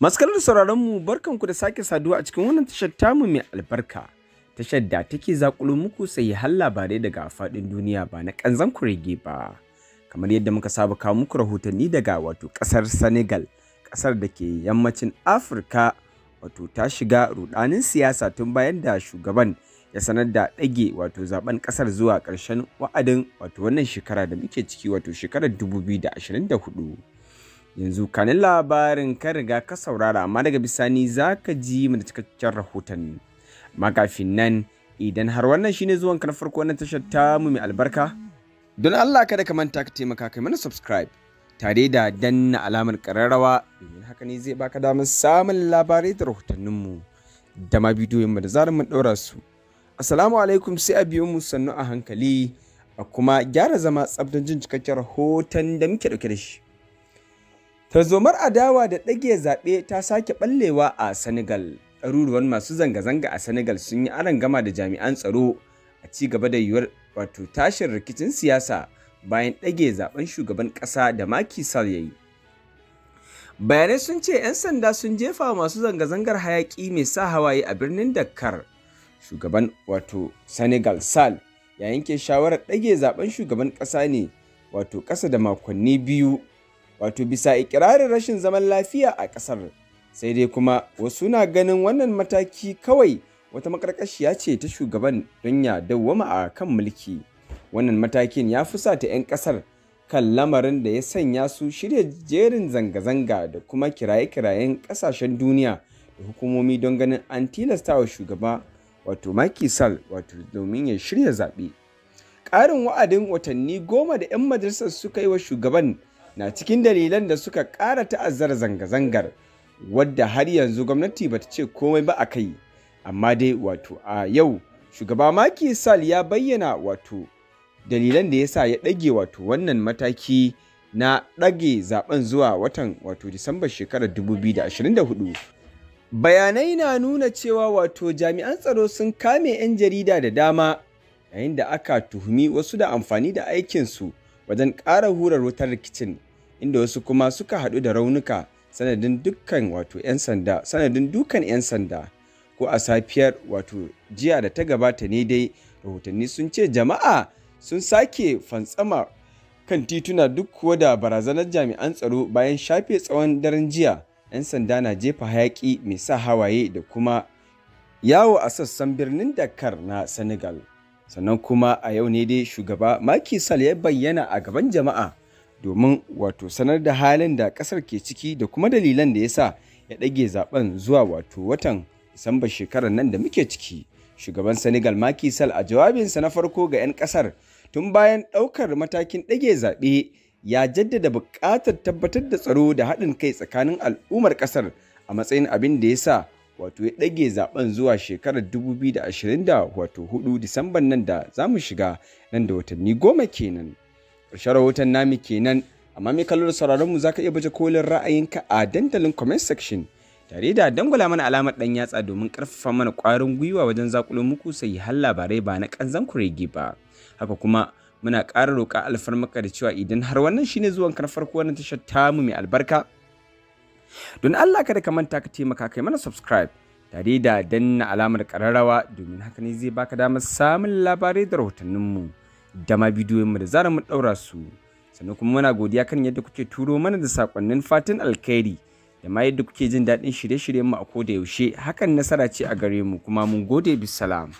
Maskalar barkan ku da sake saduwa a cikin wannan tashar tamu mai albarka. Tashar da take zakulo muku sai har labarai daga faɗin duniya ba na ƙanzan kurege ba. Kamar yadda muka saba kawo muku rahotanni daga wato ƙasar Senegal, ƙasar da ke yammacin Afirka wato ta shiga rudanin siyasa tun bayan da shugaban ya sanar da ɗage wato zaben ƙasar zuwa ƙarshen wa'adin wato wannan shekara da muke ciki wato shekarar 2024. yanzu kanin labarin ka riga ka saurara amma daga bisani za ka ji mu da cikakken rahoton makafin nan idan har wannan shine zuwan ka na farko na tashar ta mu mai albarka don Allah kada ka manta ka taimaka kai mana subscribe tare da danna alamar kararrawa domin haka ne zai baka damar samun labarai da rahotannin mu da ma mu da zarar mu ɗora su assalamu alaikum sai a biyo mu sannu a hankali a kuma gyara zama tsabtan jin cikakken rahoton da muke ɗauke da shi Tarzomar adawa da ɗage zaɓe ta sake ɓallewa a Senegal. Ɗaruruwan masu zanga-zanga a Senegal sun yi gama da jami'an tsaro a ci gaba da yiwuwar wato tashin rikicin siyasa bayan ɗage zaben shugaban ƙasa da maki Sal ya yi. Bayanai sun ce 'yan sanda sun jefa masu zanga-zangar hayaƙi mai sa hawaye a birnin Dakar. Shugaban wato Senegal sal ya yanke shawarar ɗage zaben shugaban ƙasa ne wato ƙasa da makonni biyu wato bisa ikirarin rashin zaman lafiya a ƙasar sai dai kuma wasu na ganin wannan mataki kawai wata makarkashiya ce ta shugaban don ya dawwama a kan mulki wannan matakin ya fusata 'yan ƙasar kan lamarin da ya sanya su shirya jerin zanga-zanga da kuma kiraye-kirayen ƙasashen duniya da hukumomi don ganin an tilasta wa shugaba wato Macky Sall wato domin ya shirya zaɓe ƙarin wa'adin watanni goma da 'yan majalisar suka yi wa shugaban na cikin dalilan da suka ƙara ta'azzara zanga-zangar wadda har yanzu gwamnati bata ce komai ba a kai amma dai wato a yau shugaba maki sal ya bayyana wato dalilan da sa ya ɗage wato wannan mataki na ɗage zaben zuwa watan wato disambar shekarar 2024 bayanai na nuna cewa wato jami'an tsaro sun kame 'yan jarida da dama yayin da aka tuhumi wasu da amfani da aikinsu wajen ƙara hurar wutar rikicin inda wasu kuma suka haɗu da raunuka sanadin dukkan wato 'yan sanda sanadin dukan 'yan sanda ko a safiyar wato jiya da ta gabata ne dai rahotanni sun ce jama'a sun sake fantsama kan tituna duk kuwa da barazanar jami'an tsaro bayan shafe tsawon daren jiya 'yan sanda na jefa hayaƙi mai sa hawaye da kuma yawo a sassan birnin dakar na senegal sannan kuma a yau ne dai shugaba Macky Sall ya bayyana a gaban jama'a domin wato sanar da halin da kasar ke ciki da kuma dalilan da ya sa ya ɗage zaben zuwa wato watan Disamba shekarar nan da muke ciki. Shugaban Senegal Macky Sall a jawabinsa na farko ga 'yan kasar tun bayan ɗaukar matakin ɗage zaɓe ya jaddada buƙatar tabbatar da tsaro da haɗin kai tsakanin al'ummar ƙasar a matsayin abin da ya sa wato ya ɗage zaben zuwa shekarar 2020 wato 4 disamban nan da za mu shiga nan da watanni goma kenan ƙarshen rahoton nami kenan amma mai kallon sauraronmu za ka iya baje kolin ra'ayinka a dandalin comment section tare da dangwala mana alamar ɗan yatsa domin ƙarfafa mana ƙwarin gwiwa wajen zakulo muku sai har labarai ba na ƙanzan kurege ba haka kuma muna ƙara roƙa alfarmaka da cewa idan har wannan shine zuwan kar farko wannan tashar tamu mai albarka Don Allah kada ka manta ka taimaka kai mana subscribe tare da danna alamar kararrawa domin haka ne zai baka damar samun labarai da rahotannin mu da ma mu da zarar mu daura su. Sannan kuma muna godiya kan yadda kuke turo mana da sakonnin fatan alkhairi da ma yadda kuke jin daɗin shirye shiryen mu a koda yaushe hakan nasara ce a gare mu kuma mun gode bisalam.